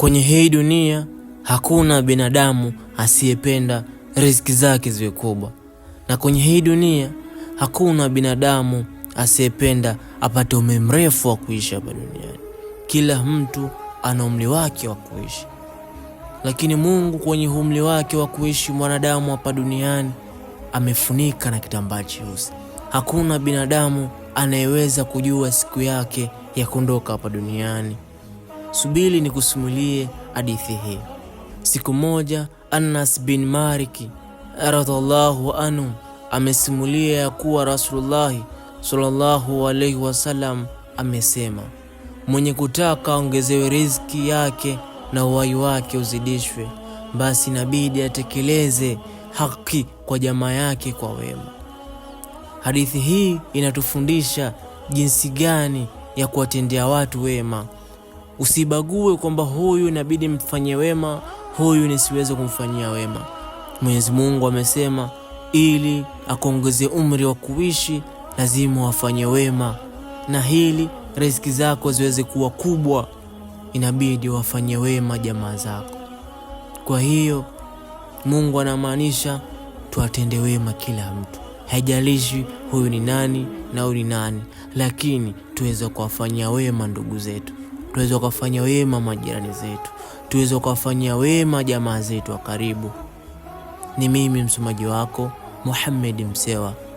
Kwenye hii dunia hakuna binadamu asiyependa riziki zake ziwe kubwa, na kwenye hii dunia hakuna binadamu asiyependa apate umri mrefu wa kuishi hapa duniani. Kila mtu ana umri wake wa kuishi, lakini Mungu kwenye umri wake wa kuishi mwanadamu hapa duniani amefunika na kitambaa cheusi. Hakuna binadamu anayeweza kujua siku yake ya kuondoka hapa duniani. Subiri kusimulie hadithi hii. Siku moja Anas bin Malik radhiallahu anhu amesimulia ya kuwa Rasulullahi sallallahu alaihi wasallam amesema, mwenye kutaka aongezewe riziki yake na uhai wake uzidishwe, basi inabidi atekeleze haki kwa jamaa yake kwa wema. Hadithi hii inatufundisha jinsi gani ya kuwatendea watu wema. Usibague kwamba huyu inabidi mfanye wema, huyu nisiweze kumfanyia wema. Mwenyezi Mungu amesema ili akuongeze umri wa kuishi lazima wafanye wema, na hili riziki zako ziweze kuwa kubwa, inabidi wafanye wema jamaa zako. Kwa hiyo Mungu anamaanisha tuatende wema kila mtu, haijalishi huyu ni nani na huyu ni nani, lakini tuweze kuwafanyia wema ndugu zetu tuweze ukafanya wema majirani zetu, tuweze kuwafanyia wema jamaa zetu wa karibu. Ni mimi msomaji wako Muhammad Msewa.